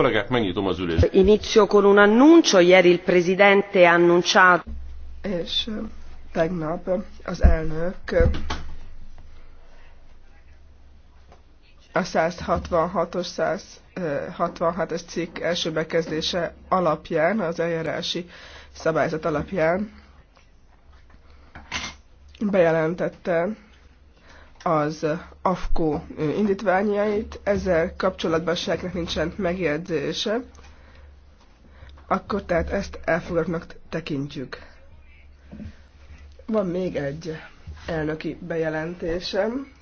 Kollégák, megnyitom az ülést. Inizio con un annuncio, ieri il presidente ha annunciato. És tegnap az elnök a 166-os 166-es cikk első bekezdése alapján, az eljárási szabályzat alapján bejelentette az AFKO indítványait, ezzel kapcsolatban senkinek nincsen megjegyzése, akkor tehát ezt elfogadnak tekintjük. Van még egy elnöki bejelentésem.